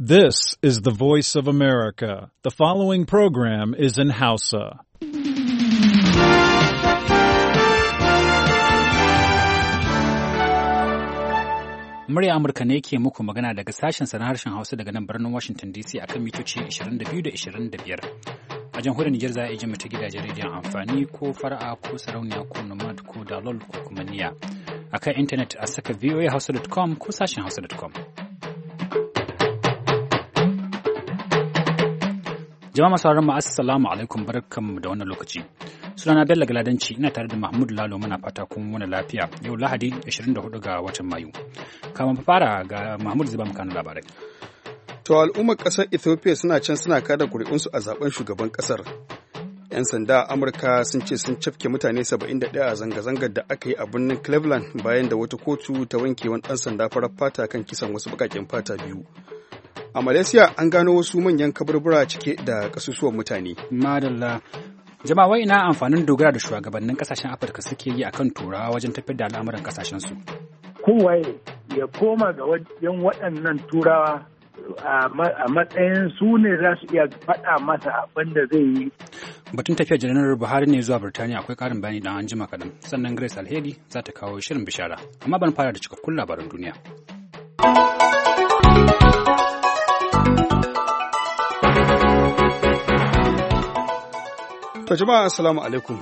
This is the voice of America. The following program is in Hausa. Murya Amurka ne ke muku magana daga sashen na harshen Hausa daga nan birnin Washington DC akan mitoci 22 da 25. a jamhuriyar Nijar za a iya mata gidajen rediyon amfani ko fara'a ko sarauniya ko nomad ko dalol ko kuma niya. A kan intanet a saka voahausa.com ko sashen hausa.com. Jama'a masu sauraron mu assalamu alaikum barkanmu da wannan lokaci. Sunana Bello Galadanci ina tare da Mahmud Lalo muna fata kun wani lafiya yau Lahadi 24 ga watan Mayu. Kama fara ga Mahmud zuba muka labarai. To al'ummar kasar Ethiopia suna can suna kada kuri'unsu a zaben shugaban ƙasar. 'Yan sanda Amurka sun ce sun cafke mutane 71 a zanga-zangar da aka yi a birnin Cleveland bayan da wata kotu ta wanke wani ɗan sanda farar fata kan kisan wasu baƙaƙen fata biyu. A Malaysia an gano wasu manyan kaburbura cike da kasusuwan mutane. Madalla. Jama'a ina amfanin dogara da shugabannin kasashen Afirka suke yi akan turawa wajen tafiyar da al'amuran kasashen su. Kowaye ya koma ga wajen waɗannan turawa a matsayin su ne za su iya faɗa masa abin da zai yi. Batun tafiyar janar Buhari ne zuwa Birtaniya akwai ƙarin bayani dan an jima kaɗan. Sannan Grace Alheri za ta kawo shirin bishara. Amma ban fara da cikakkun labaran duniya. Ta jama'a assalamu alaikum.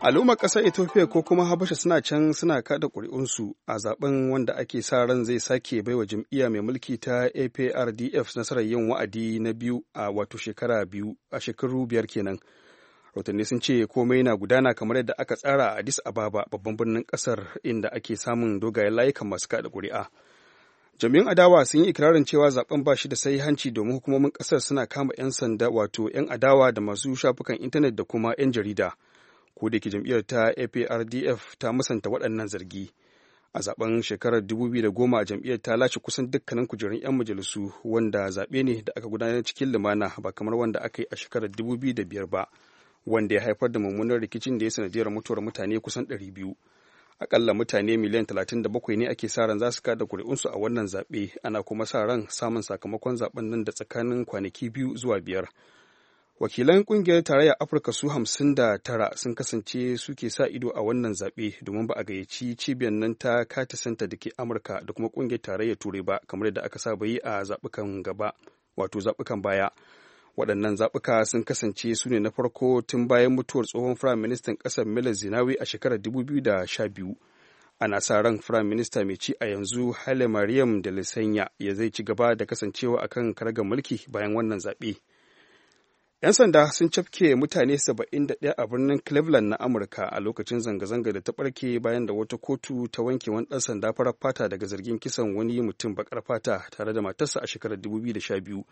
Al'ummar ƙasar Ethiopia ko kuma Habasha suna can suna kada ƙuri'unsu a zaben wanda ake sa ran zai sake baiwa jam'iyya mai mulki ta APRDF nasarar yin wa'adi na biyu a wato shekara biyu a shekaru biyar kenan. Rotanni sun ce komai na gudana kamar yadda aka tsara a Addis Ababa babban birnin ƙasar inda ake samun dogayen layukan masu kada ƙuri'a. jami'an adawa sun yi ikirarin cewa zaben ba shi da sai hanci domin hukumomin kasar suna kama 'yan sanda wato 'yan adawa da masu shafukan intanet da kuma 'yan jarida ko da ke jam'iyyar ta aprdf ta musanta waɗannan zargi a zaben shekarar 2010 jam'iyyar ta lashe kusan dukkanin kujerun 'yan majalisu wanda zaɓe ne da aka gudanar cikin lumana ba kamar wanda aka yi a shekarar 2005 ba wanda ya haifar da mummunar rikicin da ya sanadiyar mutuwar mutane kusan 200 akalla mutane miliyan 37 ne ake sa ran za su kada kuri'unsu a wannan zaɓe ana kuma sa ran samun sakamakon zaɓen nan da tsakanin kwanaki biyu zuwa biyar wakilan ƙungiyar tarayyar afirka su hamsin da tara sun kasance suke sa ido a wannan zaɓe domin ba a gayyaci cibiyar nan ta kati santa da ke amurka da kuma ƙungiyar tarayyar turai ba kamar yadda aka saba yi a zaɓukan gaba wato zaɓukan baya waɗannan zaɓuka sun kasance su ne na farko tun bayan mutuwar tsohon firaministan ƙasar Mila Zinawi a shekarar 2012. Ana sa ran firaminista mai ci a yanzu Haile Mariam da Lisanya ya zai ci gaba da kasancewa a kan karagar mulki bayan wannan zaɓe. 'Yan sanda sun cafke mutane 71 a birnin Cleveland na Amurka a lokacin zanga-zanga da ta ɓarke bayan da wata kotu ta wanke wani ɗan sanda farar fata daga zargin kisan wani mutum baƙar fata tare da matarsa a shekarar 2012.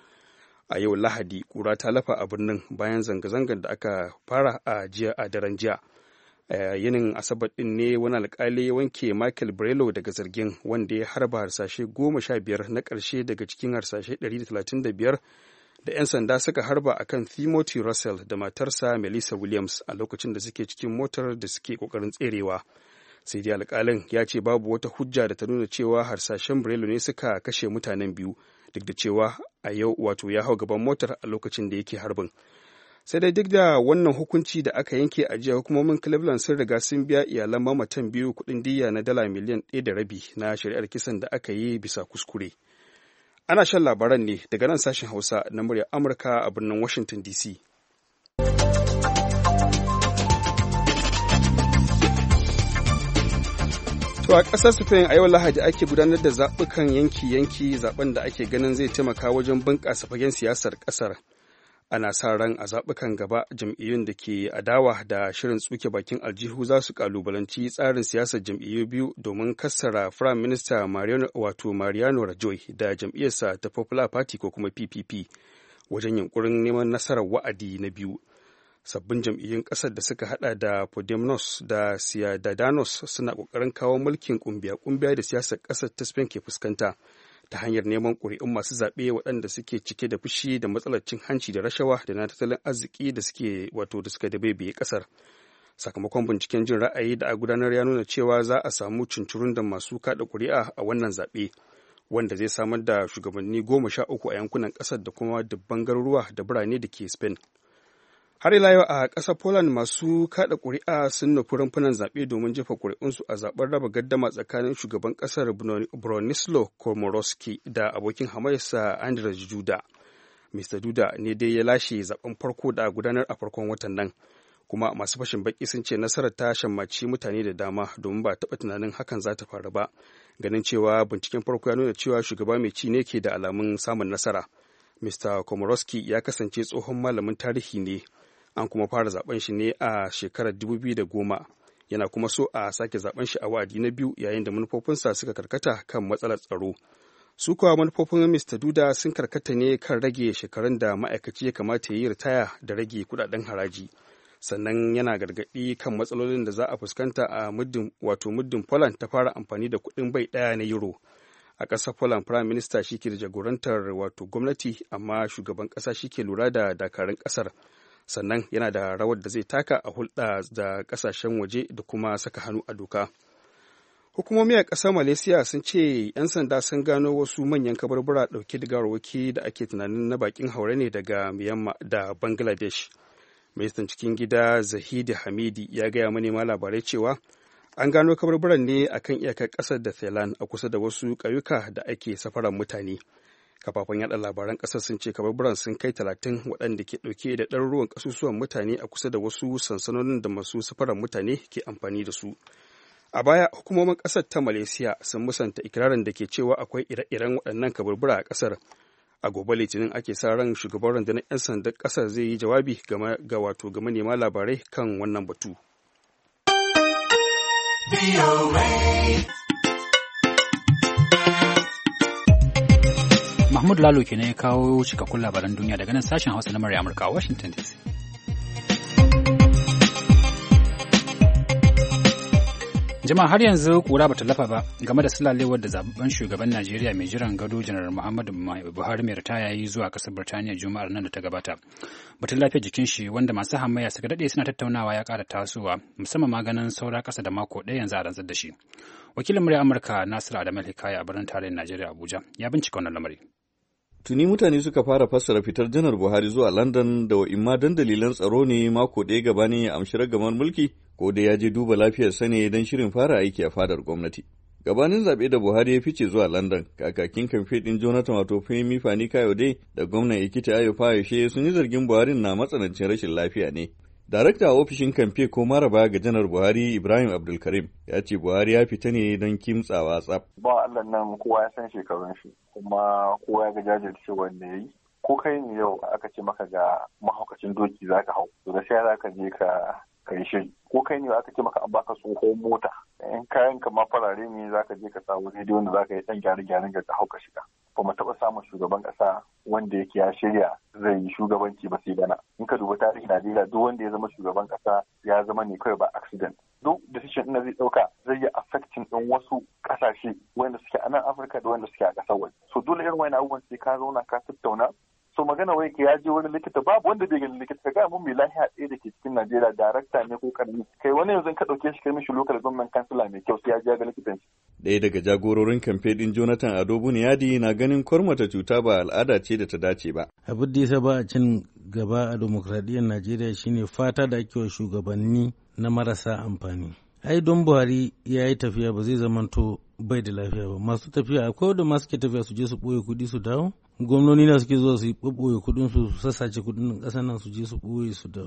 a yau lahadi kura ta lafa a birnin bayan zanga-zangar da aka fara a jiya a daren jiya yinin asabar din ne wani alkali ya wanke michael brelo daga zargin wanda ya harba harsashe goma sha biyar na ƙarshe daga cikin harsashe 135 da 'yan sanda suka harba a kan timothy russell da matarsa melissa williams a lokacin da suke cikin motar da suke kokarin tserewa sai dai alkalin ya ce babu wata hujja da ta nuna cewa harsashen brelo ne suka kashe mutanen biyu duk da cewa a yau wato ya hau gaban motar a lokacin da yake harbin sai dai duk da wannan hukunci da aka yanke a jiya hukumomin cleveland sun riga sun biya iyalan mamatan biyu kudin diya na dala miliyan ɗaya da rabi na shari'ar kisan da aka yi bisa kuskure ana shan labaran ne daga nan sashen hausa na murya amurka a birnin washington dc To a ƙasar Spain a yau Lahadi ake gudanar da zaɓukan yanki-yanki zaɓen da ake ganin zai taimaka wajen bunƙasa fagen siyasar ƙasar. Ana sa ran a zaɓukan gaba jam'iyyun da ke adawa da shirin tsuke bakin aljihu za su ƙalubalanci tsarin siyasar jam'iyyu biyu domin kassara Prime Minister Mariano wato Mariano Rajoy da jam'iyyarsa ta Popular Party ko kuma PPP wajen yunkurin neman nasarar wa'adi na biyu. sabbin jam'iyyun ƙasar da suka hada da podemos da ciudadanos suna kokarin kawo mulkin kumbiya-kumbiya da siyasar kasar ta spain ke fuskanta ta hanyar neman kuri'un masu zaɓe waɗanda suke cike da fushi da matsalar cin hanci da rashawa da na tattalin arziki da suke wato da suka dabebe ƙasar sakamakon binciken jin ra'ayi da a gudanar ya nuna cewa za a samu cincirun da masu kaɗa kuri'a a wannan zaɓe wanda zai samar da shugabanni goma sha uku a yankunan ƙasar da kuma dubban garuruwa da birane da ke spain har ila yau a ƙasar poland masu kada ƙuri'a sun nufi rumfunan zaɓe domin jefa ƙuri'unsu a zaɓen raba gaddama tsakanin shugaban ƙasar bronislaw komorowski da abokin hamayarsa andrej juda mr duda ne dai ya lashe zaɓen farko da gudanar a farkon watan nan kuma masu fashin baki sun ce nasarar ta shammaci mutane da dama domin ba taɓa tunanin hakan za ta faru ba ganin cewa binciken farko ya nuna cewa shugaba mai ci ne ke da alamun samun nasara mr komorowski ya kasance tsohon malamin tarihi ne an kuma fara zaben shi ne a shekarar 2010 yana kuma so a sake zaben shi a wa'adi na biyu yayin da manufofinsa suka karkata kan matsalar tsaro su kuwa manufofin mr duda sun karkata ne kan rage shekarun da ma'aikaci ya kamata ya yi ritaya da rage kudaden haraji sannan yana gargaɗi kan matsalolin da za a fuskanta a muddin wato muddin poland ta fara amfani da kuɗin bai ɗaya na euro a ƙasar poland prime minister shi ke da jagorantar wato gwamnati amma shugaban ƙasa shi ke lura da dakarun ƙasar sannan yana da rawar da zai taka a hulɗa da ƙasashen waje da kuma saka hannu a doka hukumomi a ƙasar malaysia sun ce 'yan sanda sun gano wasu manyan kabarbara ɗauke da gawarwaki da ake tunanin na bakin haure ne daga myanmar da bangladesh ministan cikin gida zahidi hamidi ya gaya manema labarai cewa an gano kabarbaran ne akan iyakar ƙasar da thailand a kusa da wasu ƙauyuka da ake safaran mutane kafafen yada labaran kasar sun ce kabarburan sun kai talatin waɗanda ke ɗauke da ɗaruruwan ƙasusuwan mutane a kusa da wasu sansanonin da masu safarar mutane ke amfani da su a baya hukumomin ƙasar ta malaysia sun musanta ikirarin da ke cewa akwai ire-iren waɗannan kaburbura a ƙasar a gobe litinin ake sa ran shugaban rundunar 'yan sandan ƙasar zai yi jawabi ga wato ga manema labarai kan wannan batu. Mahmud Lalo kenan ya kawo cikakkun labaran duniya daga nan sashen Hausa na Murya Amurka Washington DC. Jama'a har yanzu kura bata lafa ba game da sulalewar da zaben shugaban Najeriya mai jiran gado Janar Muhammadu Buhari mai ritaya yi zuwa kasar Birtaniya Juma'ar nan da ta gabata. Batun lafiyar jikin shi wanda masu hamayya suka dade suna tattaunawa ya ƙara tasowa musamman maganin saura kasa da mako ɗaya yanzu a rantsar da shi. Wakilin murya Amurka Nasiru Adamu Hikaya a birnin tarayyar Najeriya Abuja ya bincika wannan lamari. Tuni mutane suka fara fassara fitar janar Buhari zuwa London da wa'imma don dalilan tsaro ne mako ɗaya gabanin ya amshi ragamar mulki ko da ya je duba lafiyar sane don shirin fara aiki a fadar gwamnati. Gabanin zaɓe da Buhari ya fice zuwa London, kakakin kamfe ɗin Jonathan wato Femi Fani Kayode da gwamnan Ekiti Ayo Fayoshe sun yi zargin Buhari na matsanancin rashin lafiya ne, Darakta a ofishin kamfe ko maraba ga janar Buhari Ibrahim Abdulkarim ya ce Buhari ya fita ne don kimtsawa tsaf. Ba Allah nan kowa ya san shekarun shi kuma kowa ya ga jajircewar wanda ya yi. Ko kai ne yau aka ce maka ga mahaukacin doki za ka hau. To da sai za ka je ka shi ko kai ne aka ce maka an baka tsohon mota in kayan ka ma farare ne ka je ka samu rediyo wanda zaka yi dan gyare gyaren ga hauka shiga ba mu taɓa samun shugaban ƙasa wanda yake ya shirya zai yi shugabanci ba sai bana in ka duba tarihi Najeriya duk wanda ya zama shugaban ƙasa ya zama ne kawai ba accident duk decision ɗin zai ɗauka zai yi affecting ɗin wasu kasashe wanda suke a nan Afirka da wanda suke a ƙasar waje so dole irin wani abubuwan sai ka zauna ka tattauna so magana wai ke ya je wani likita babu wanda bai gani likita ka ga mun mai lafiya ɗaya da ke cikin Najeriya darakta ne ko karni kai wani yanzu ka ɗauke shi kai mishi lokal gwamnan kansila mai kyau sai ya je ga likitan shi ɗaya daga jagororin kamfe ɗin Jonathan Ado yadi na ganin ta cuta ba al'ada ce da ta dace ba abin da yasa ba a cin gaba a demokradiyyar Najeriya shine fata da ake wa shugabanni na marasa amfani ai don Buhari ya yi tafiya ba zai zamanto bai da lafiya ba masu tafiya akwai wanda masu ke tafiya su je su ɓoye kuɗi su dawo gwamnoni na suke zuwa su yi ɓaɓɓoye kuɗin su su sassace kuɗin ƙasar nan su je su ɓoye su da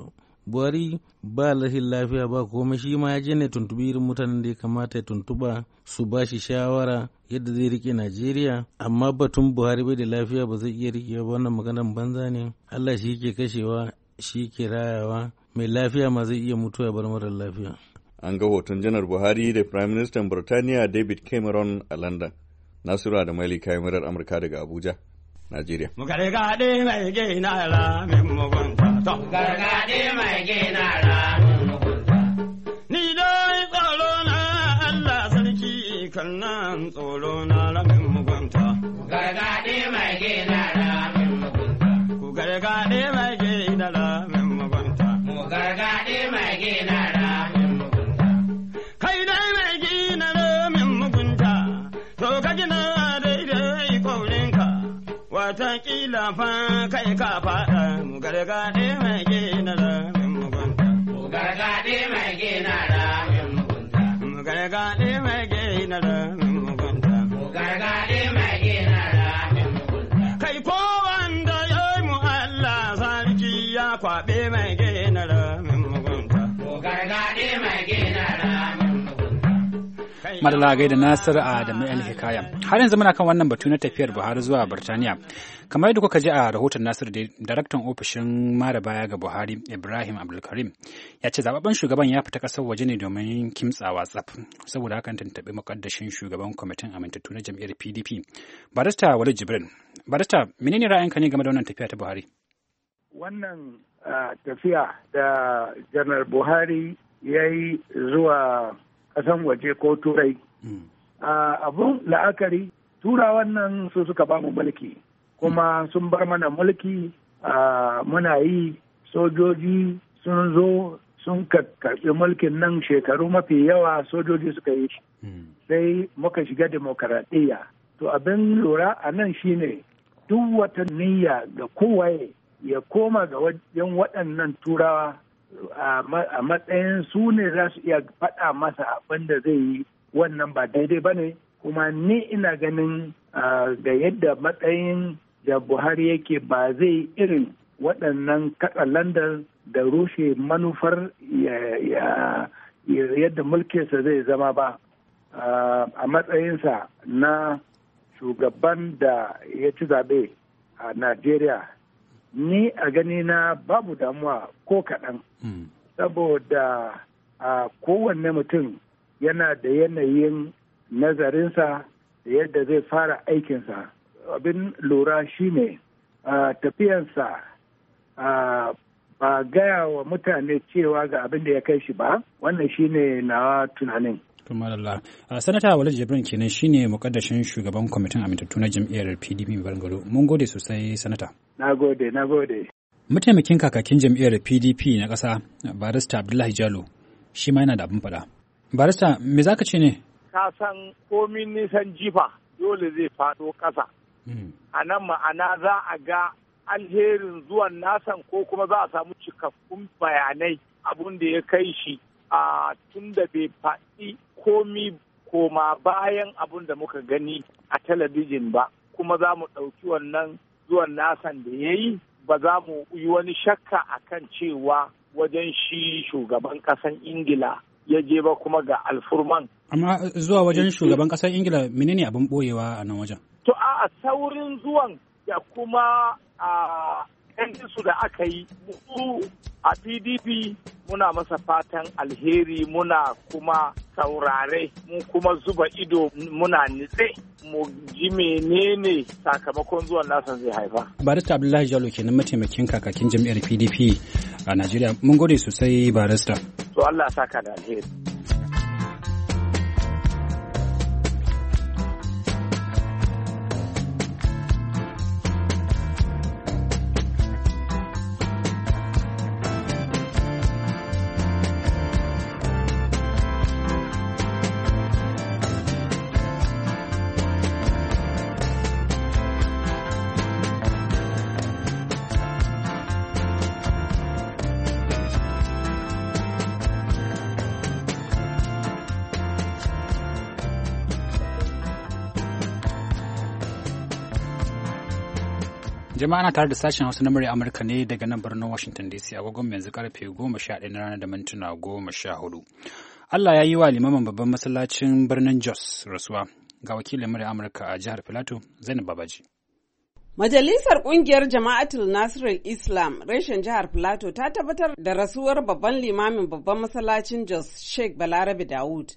buhari ba lahin lafiya ba komai shi ma ya je ne tuntubi irin mutanen da ya kamata ya tuntuba su ba shi shawara yadda zai rike najeriya amma batun buhari bai da lafiya ba zai iya rike ba wannan maganar banza ne allah shi ke kashewa shi ke rayawa mai lafiya ma zai iya mutuwa ya bar mara lafiya an ga hoton janar buhari da prime minister burtaniya david cameron a london nasiru da malika murar amurka daga abuja Nigeria. Ni tsaro na Allah sarki kan kafin kai ka faɗa mu Mu gargaɗe mai gina da min mugunta. Mu gargaɗe mai gina da min mugunta. Mu gargaɗe mai gina da min mugunta. Kai ko wanda ya yi mu Allah sarki ya kwaɓe mai gina da min mugunta. Mu gargaɗe mai gina madala da nasir a da mai hikaya har yanzu muna kan wannan batu na tafiyar buhari zuwa birtaniya kamar yadda kuka ji a rahoton nasir daraktan ofishin mara baya ga buhari ibrahim abdulkarim ya ce zababben shugaban ya fita kasar waje ne domin kimtsawa tsaf saboda hakan tantabi makaddashin shugaban kwamitin amintattu na jam'iyyar pdp barista wali jibrin barista menene ra'ayinka ne game da wannan tafiya ta buhari wannan ah, tafiya da janar buhari ya yi zuwa kasan waje ko turai hmm. abun la'akari turawan nan su suka ba mu mulki kuma hmm. sun bar mana mulki muna yi sojoji sun zo sun karɓi mulkin nan shekaru mafi yawa sojoji suka yi hmm. sai muka shiga demokaradiyya to abin lura a nan shine duk wata niyya ga kowaye ya koma ga wajen waɗannan turawa a matsayin su ne za su iya faɗa masa abin da zai yi wannan ba daidai ba ne kuma ni ina ganin ga yadda matsayin da buhari yake ba zai irin waɗannan katsalandar da rushe manufar yadda mulkinsa zai zama ba a matsayinsa na shugaban da ya ci zaɓe a najeriya ni a gani na babu damuwa ko kaɗan hmm. saboda a kowanne mutum yana da yanayin nazarinsa da yadda zai fara aikinsa abin lura shine tafiyansa ba gaya wa mutane cewa ga abin da ya kai shi ba wannan shi ne na tunanin Tumalala. Ah, sanata Walid Jibrin kenan shine mukaddashin shugaban kwamitin amintattu na jam'iyyar PDP Barangaro. Mun gode sosai sanata. Na gode, na gode. Mataimakin kakakin jam'iyyar PDP na ƙasa Barista Abdullahi Jalo shi ma yana da abin faɗa. Barista me zaka ce ne? Ka san komin nisan jifa dole zai faɗo ƙasa. Hmm. A nan ma'ana za a ga alherin zuwan nasan ko kuma za a samu cikakkun bayanai abun da ya kai shi a tun da bai faɗi komi koma bayan abun da muka gani a talabijin ba kuma za mu ɗauki wannan zuwan nasan da ya yi ba za mu yi wani shakka a kan cewa wajen shi shugaban ƙasan ingila ya je ba kuma ga alfurman. Amma zuwa wajen shugaban ƙasar Ingila menene abin ɓoyewa a nan wajen? To a saurin zuwan da kuma a su da aka yi a PDP muna masa fatan alheri muna kuma saurare mu kuma zuba ido muna nitse mu ji menene sakamakon zuwan nasa zai haifa. Barista Abdullahi Jalo kenan mataimakin kakakin jam'iyyar PDP a Najeriya. Mun gode sosai barista. To Allah saka da alheri. jama'a ana tare da sashen hausa na murya amurka ne daga nan birnin washington dc agogon yanzu karfe goma sha ɗaya na rana da mintuna goma sha hudu allah ya yi wa limamin babban masallacin birnin jos rasuwa ga wakilin murya amurka a jihar filato zainab babaji Majalisar Ƙungiyar Jama'atul Nasirul Islam reshen jihar Filato ta tabbatar da rasuwar babban limamin babban masallacin Jos Sheikh Balarabe Dawud.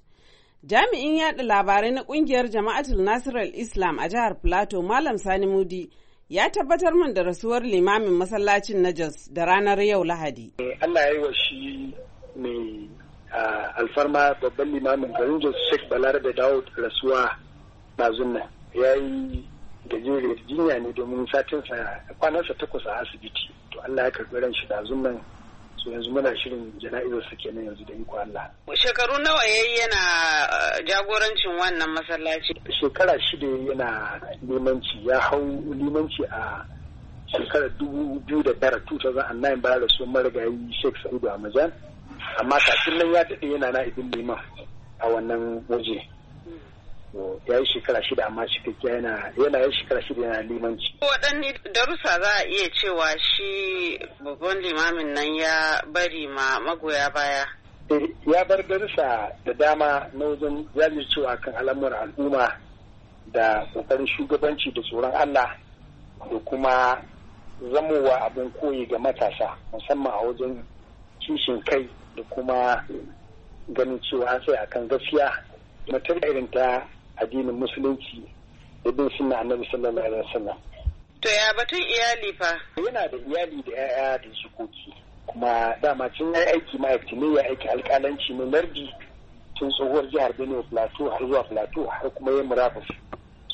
Jami'in yaɗa labarai na ƙungiyar Jama'atul Nasirul Islam a jihar Filato Malam Sani Mudi ya tabbatar min da rasuwar limamin masallacin na Jos da ranar yau Lahadi. Eh, Allah ya yi wa shi mai alfarma babban limamin garin Jos Sheikh da Dawud rasuwa bazun nan. Ya yi gajere jinya ne domin satinsa kwanansa takwas a asibiti. To Allah ya karɓi ran shi bazun nan so yanzu muna shirin jana'izar su kenan yanzu da iko Allah shekaru nawa yayi yana eh, jagorancin wannan masallaci shekara shida yana limanci ya hau limanci a shekarar dubu biyu da tara 2009 bayan rasuwar marigayi Sheikh Sa'idu Amajan amma kafin nan ya daɗe yana na'ibin ibin liman a wannan waje ya yi shekara shida amma kake yana yana yi shekara shida yana limanci. waɗanne darussa za a iya cewa shi babban limamin nan ya bari ma magoya baya. Eh, ya bar darussa da dama na wajen cewa kan al'amuran al'umma da ƙoƙarin shugabanci da tsoron Allah da kuma zamowa abin koyi ga matasa musamman a wajen kishin kai da kuma ganin cewa sai akan gaskiya mutum irin ta addinin musulunci da bin annabi sallallahu alaihi wasallam to ya batun iyali fa yana da iyali da yaya da jikoki kuma dama tun ya aiki ma'aikaci ne ya aiki alkalanci ne lardi tun tsohuwar jihar Benue Plateau har zuwa Plateau har kuma ya murabus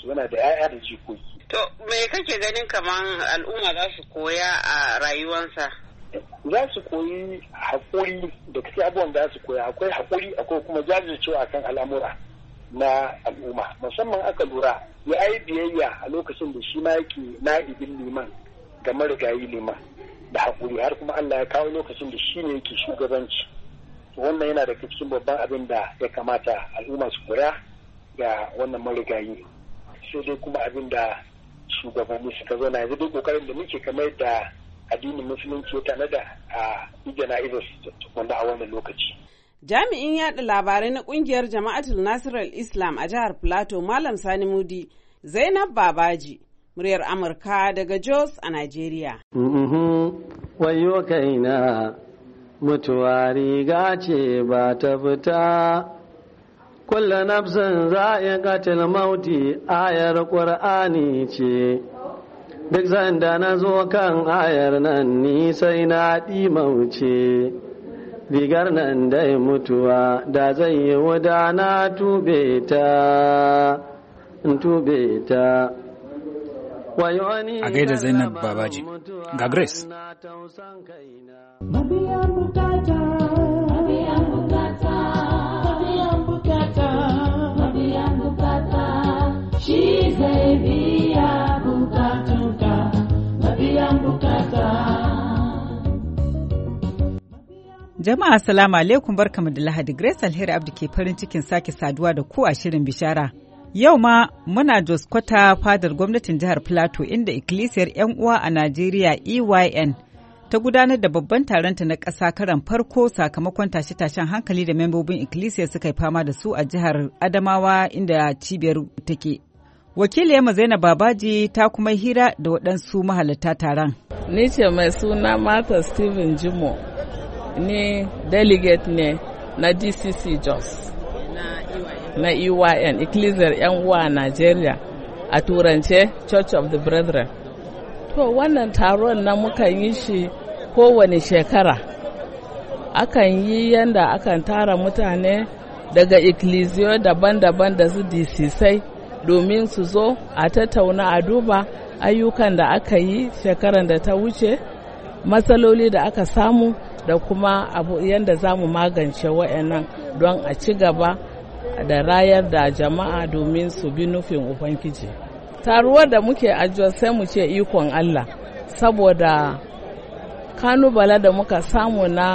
yana da yaya da jikoki to me kake ganin kamar al'umma za su koya a rayuwansa za su koyi hakuri da kasi abubuwan za su koya akwai hakuri akwai kuma jajircewa kan al'amura na al'umma musamman aka lura ya yi biyayya a lokacin da shi ma yake na'ibin liman ga marigayi liman da haƙuri har kuma Allah ya kawo lokacin da shi ne yake shugabanci wannan yana da cikin babban abin da ya kamata al'umma su koya ga wannan marigayi sai dai kuma abin da shugabanni suka zo na yanzu dai kokarin da muke kamar da addinin musulunci ya tanada a ijana su wanda a wannan lokaci Jami'in yada labarai na kungiyar Jama'atul Nasiral Islam a jihar Plateau Malam Sani Mudi, Zainab Babaji, muryar Amurka daga Jos a Najeriya. Mm-hmm. Wayo kaina mutuwa riga ce ba ta fita. Kulla nafsin katil mauti ayar ƙur'ani ce. Duk sanda na zo kan ayar nan ni sai na ɗi mauce. rigar nan dai mutuwa da zai yi wuda na tube ta tube ta a gaida zainab babaji ga grace Shi zai biya bukata. mabiyan bukata. Jama'a salamu alaikum barkamu da Lahadi Grace Alheri abdu ke farin cikin sake saduwa da ku a shirin bishara. Yau ma muna jos kwata fadar gwamnatin jihar Plateau inda ikkilisiyar 'yan uwa a Najeriya EYN ta gudanar da babban taronta na ƙasa karan farko sakamakon tashe-tashen hankali da membobin ikkilisiyar suka yi fama da su a jihar Adamawa inda cibiyar take. wakili ma Zainab Babaji ta kuma hira da waɗansu mahalarta taron. Ni ce mai suna Martha Steven Jimo. ni delegate ne na dcc jos na EYN e Ecclesiar yan uwa a Najeriya a turance Church of the Brethren. To wannan taron na muka yi shi kowane shekara. Akan yi yanda akan tara mutane daga ikkilisiyo daban-daban da su disisai domin su zo a tattauna a duba ayyukan da aka yi shekaran da ta wuce, matsaloli da aka samu da kuma abu yadda za mu magance wa'annan don a ci gaba da rayar da jama'a domin su bi nufin ubangiji taruwar da muke ajiyar sai mu ce ikon allah saboda kanubala da muka samu na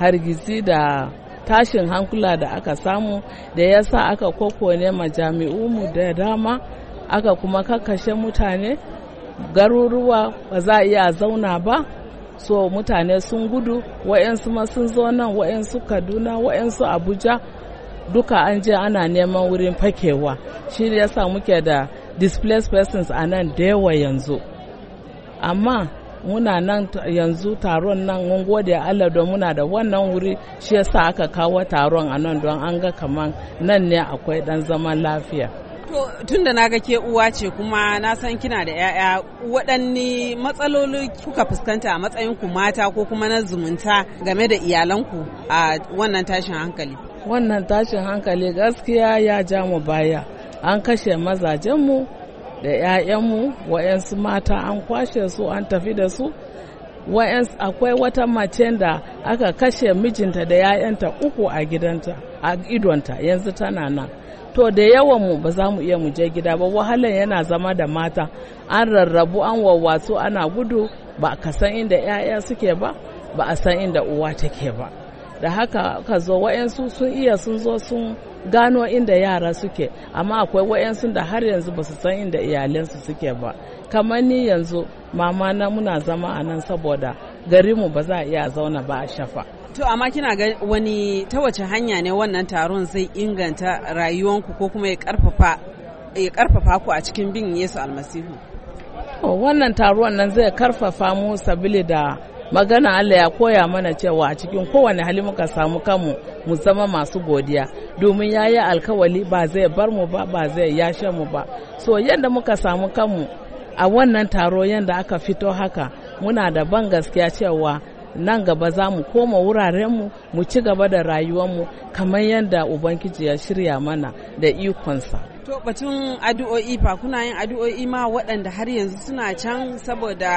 hargitsi da tashin hankula da aka samu da ya sa aka kokone majami'u mu da dama aka kuma kakkashe mutane garuruwa ba za a iya zauna ba so mutane sun gudu wa'yansu ma sun zo nan wa'yansu kaduna wa'yansu abuja duka an je ana neman wurin fakewa shi ne yasa muke da displaced persons a nan da yawa yanzu amma muna nan yanzu taron nan mun gode Allah don muna da wannan wuri shi yasa aka kawo taron a nan don an ga kaman nan ne akwai dan zaman lafiya To tun da na ga ke uwa ce kuma na san kina da 'ya'ya waɗanne matsaloli kuka fuskanta a matsayin ku mata ko kuma na zumunta game da iyalanku a wannan tashin hankali. Wannan tashin hankali gaskiya ya ja mu baya. An kashe mazajenmu da 'ya'yanmu wa'yansu mata an kwashe su an tafi da su. Wa'yansu akwai wata mace da aka kashe mijinta da 'ya'yanta uku a gidanta a idonta yanzu tana nan. to da yawan mu ba za mu iya mu je gida ba wahalan yana zama da mata an rarrabu an wawwatsu ana gudu ba ka san inda 'ya'ya suke ba ba a san inda uwa take ba da haka ka zo wa'yansu sun iya sun zo sun gano inda yara suke amma akwai wa'yansu da har yanzu ba su san inda iyalansu suke ba kamar ni yanzu mama na muna zama a nan saboda garinmu ba za a iya zauna ba a shafa To amma kina ga wani ta wace hanya ne wannan taron zai inganta rayuwanku ko kuma ya karfafa ku a cikin bin Yesu Almasihu? Wannan taruwan nan zai karfafa mu sabili da magana Allah ya koya mana cewa a cikin kowane hali muka samu kanmu mu zama masu godiya domin ya yi alkawali ba zai bar mu ba ba zai yashe mu ba so yadda muka samu kanmu a wannan taro yadda aka fito haka muna da ban gaskiya cewa nan gaba za mu koma wurarenmu mu ci gaba da rayuwar mu kamar yadda ubangiji ya shirya mana da ikonsa to batun addu'o'i fa kuna yin addu'o'i ma waɗanda har yanzu suna can saboda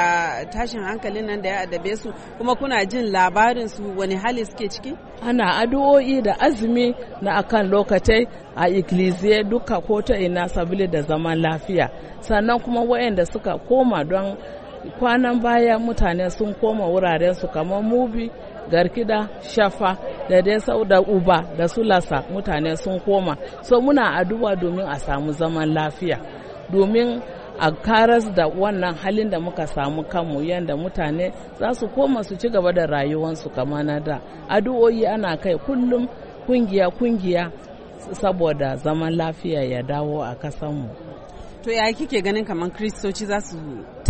tashin hankalin nan da ya adabe su kuma kuna jin labarin su wani hali suke ciki ana addu'o'i da azumi na akan lokatai a ikkilisiye duka ko ta ina sabili da zaman lafiya sannan kuma waɗanda suka koma don kwanan baya mutane sun koma wuraren su kamar mubi garkida shafa da dai sau da uba da sulasa mutane sun koma so muna addu'a domin a samu zaman lafiya domin a karas da wannan halin da muka samu kanmu yadda mutane za su koma su ci gaba da rayuwansu kama na da addu'o'i ana kai kullum kungiya kungiya saboda zaman lafiya ya dawo a kasanmu to ya kike ganin kamar kristoci za su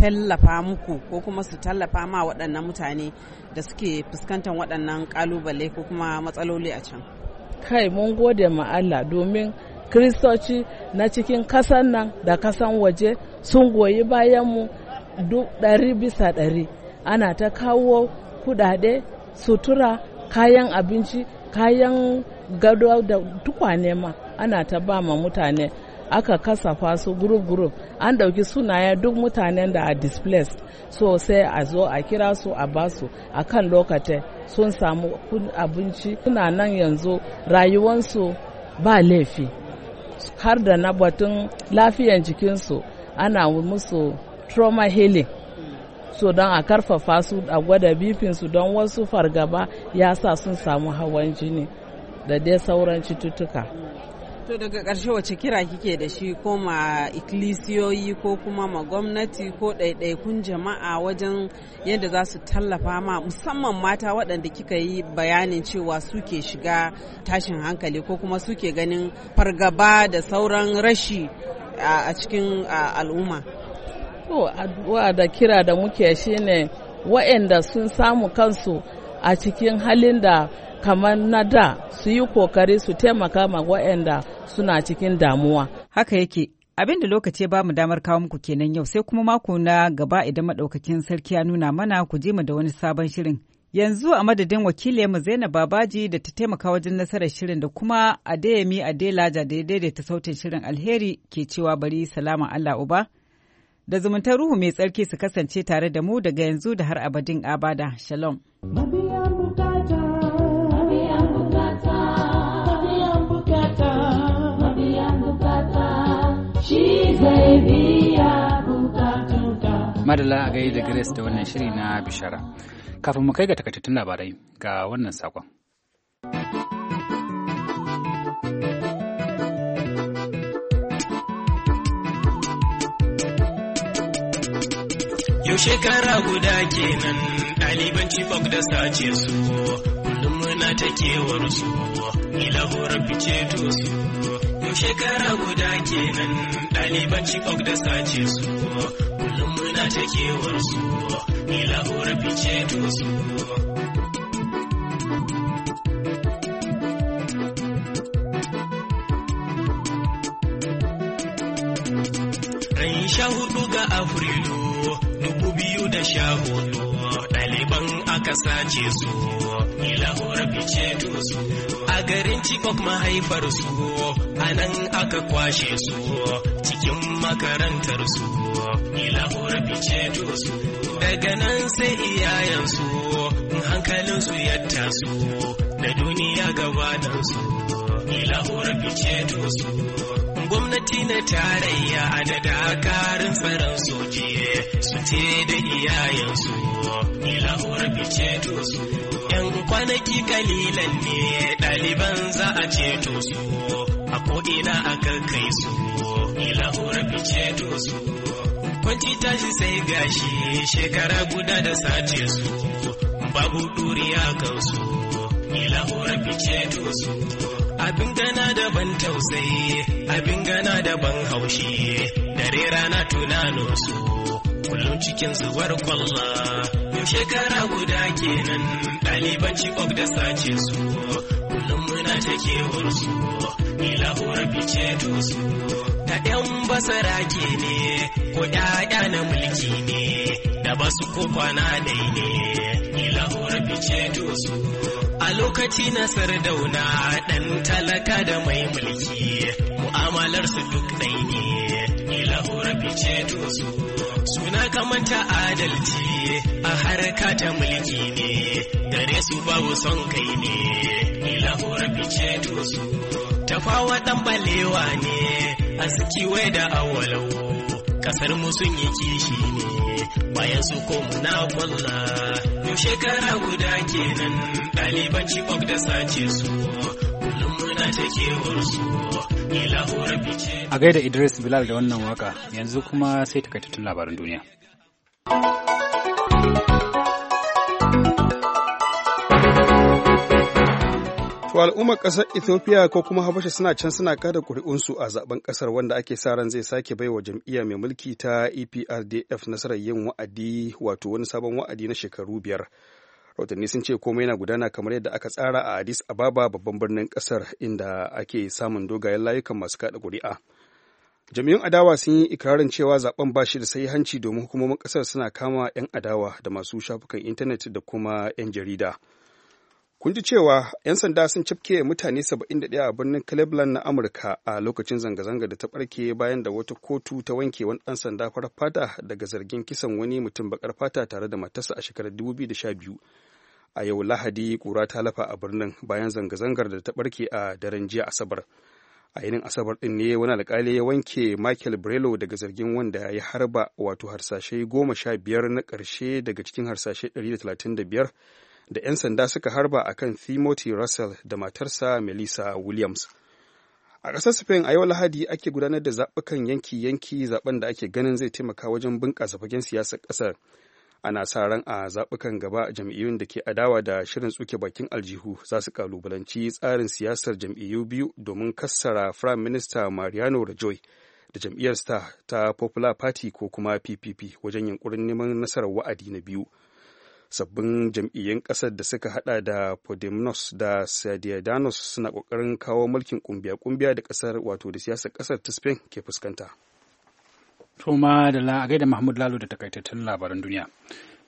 tallafa muku ko kuma su tallafa ma waɗannan mutane da suke fuskantar waɗannan ƙalubale ko kuma matsaloli a can kai mun gode ma Allah domin kristoci na cikin kasan nan da kasan waje sun goyi bayanmu duk ɗari bisa ɗari ana ta kawo kuɗaɗe sutura kayan abinci kayan gado da tukwane ma ana ta ba ma mutane aka kasafa su group group an dauki sunaye duk mutanen da a displaced so sai a zo a kira su a basu a kan lokacin sun samu abinci suna nan yanzu rayuwansu ba laifi har da na batun lafiyan jikinsu ana musu trauma healing so don a karfafa su a gwada bifinsu don wasu fargaba ya sa sun samu hawan jini da dai sauran cututtuka To daga karshe wace kira kike da shi ko ma ikkilisiyoyi ko kuma ma gwamnati ko ɗaiɗaikun jama'a wajen yadda za su tallafa ma musamman mata waɗanda kika yi bayanin cewa suke shiga tashin hankali ko kuma suke ganin fargaba da sauran rashi a cikin al'umma. To addu'a da kira da muke shine waɗanda sun samu kansu a cikin halin da kamar na da su yi kokari su taimaka ma waɗanda suna cikin damuwa. Haka yake abin da lokaci ya bamu damar kawo muku kenan yau sai kuma mako na gaba idan maɗaukakin sarki ya nuna mana ku je mu da wani sabon shirin. Yanzu a madadin wakiliyarmu Zainab Babaji da ta taimaka wajen nasarar shirin da kuma Adeyemi Adelaja da ya daidaita sautin shirin alheri ke cewa bari salama Allah uba. da zumuntar ruhu mai tsarki su kasance tare da mu daga yanzu da har abadin abada shalom. madala a da grace da wannan shiri na bishara kafin mu kai ga takaitattun labarai ga wannan sakon Yau shekara guda kenan ɗaliban Chibok da sace su, kullum muna ta kewar su, ni horar fice to su. Yau shekara guda kenan ɗaliban Chibok da sace su, kullum muna ta kewar su ni lahore fice to su sha hudu ga Afrilu dubu biyu da sha hudu ɗaliban aka sace su ni lahore fice to a garin Chibok mahaifarsu. a nan aka kwashe su cikin makarantarsu. su daga nan sai iyayensu in hankalinsu ya taso da duniya gabanansu ila fice to su gwamnati na tarayya a da dakarun tsaron su ce da iyayensu ila fice to su yan kwanaki kalilan ne ɗaliban za a ceto su a ko'ina a kai su ila fice to su kwanci tashi sai gashi shekara guda da sace su babu ɗuriya kansu ilahuran fice su abin gana da ban tausayi abin gana da ban haushi dare rana tunano su kullum cikin zuwar kwalla yau shekara guda kenan ɗaliban cikok da sace su kullum muna ta kewar su ilahuran fice su da 'yan basarake ne ko 'ya'ya na mulki ne da ba su ko kwana dai ne su a lokaci na sardauna ɗan talaka da mai mulki mu'amalar su duk ɗai ne ilahura fice su suna kamanta adalci a harka ta mulki ne gare su babu son kai ne ilahura fice su tafawa ɗan balewa ne aski wai da awalau kasar mu sun yi kishi ne bayan su ko na kwalla mu shekara guda kenan ɗaliban cibok da sace su kullum muna ta kewar su a gaida idris bilal da wannan waka yanzu kuma sai takaitattun labaran duniya To al'ummar ƙasar Ethiopia ko kuma Habasha suna can suna kada ƙuri'unsu a zaben ƙasar wanda ake sa ran zai sake bai wa jam'iyya mai mulki ta EPRDF nasarar yin wa'adi wato wani sabon wa'adi na shekaru biyar. rautanni sun ce komai yana gudana kamar yadda aka tsara a Addis Ababa babban birnin ƙasar inda ake samun dogayen layukan masu kada ƙuri'a. jami'un adawa sun yi ikirarin cewa zaben ba shi da sai hanci domin hukumomin ƙasar suna kama 'yan adawa da masu shafukan intanet da kuma 'yan jarida. Kun ji cewa 'yan sanda sun cifke mutane 71 a birnin Cleveland na Amurka a lokacin zanga-zanga da ta barke bayan da wata kotu ta wanke wani ɗan sanda farar fata daga zargin kisan wani mutum bakar fata tare da matarsa a shekarar 2012. A yau Lahadi kura ta lafa a birnin bayan zanga-zangar da ta barke a daren jiya Asabar. a yinin asabar din ne wani alkali ya wanke michael brelo daga zargin wanda ya harba wato harsashe goma sha biyar na ƙarshe daga cikin harsashe 135 da 'yan sanda suka harba a kan Timothy Russell da matarsa Melissa Williams. A ƙasar Spain a yau Lahadi ake gudanar da zaɓukan yanki-yanki zaɓen da ake ganin zai taimaka wajen bunƙasa fagen siyasar ƙasar. Ana sa ran a zaɓukan gaba jam'iyyun da ke adawa da shirin tsuke bakin aljihu za su ƙalubalanci tsarin siyasar jam'iyyu biyu domin kassara prime minister Mariano Rajoy da jam'iyyar ta Popular Party ko kuma PPP wajen yunkurin neman nasarar wa'adi na biyu. sabbin jam'iyyun ƙasar da suka hada da podemnos da sadiadanos suna ƙoƙarin kawo mulkin kumbiya-kumbiya da ƙasar wato da siyasar ƙasar ta spain ke fuskanta. Toma da la a gaida Mahmud Lalo da takaitattun labaran duniya.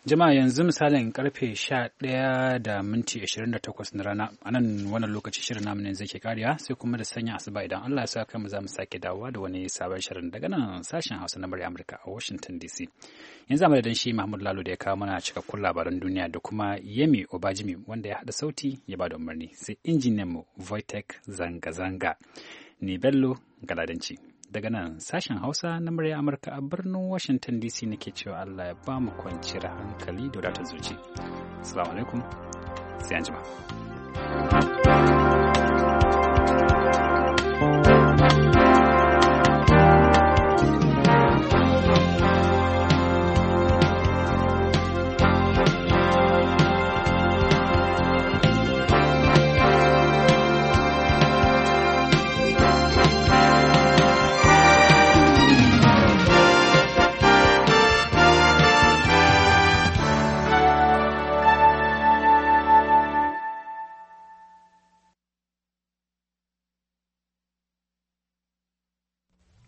Jama'a yanzu misalin karfe 11 da minti 28 na rana a nan wannan lokaci shirin namu ne zai ke kariya sai kuma da sanya asuba idan Allah ya sa kai mu za mu sake dawowa da wani sabon shirin daga nan sashen Hausa na murya Amurka a Washington DC. Yanzu a madadin shi Mahmud Lalo da ya kawo mana cikakkun labaran duniya da kuma Yemi Obajimi wanda ya haɗa sauti ya ba da umarni sai injiniyan mu Voitech zanga-zanga. Ni Bello Galadanci. daga nan sashen Hausa na murya Amurka a birnin Washington DC nake cewa Allah ya ba mu kwanciyar hankali da wadatar zuci. Assalamu alaikum, sai jima. thank you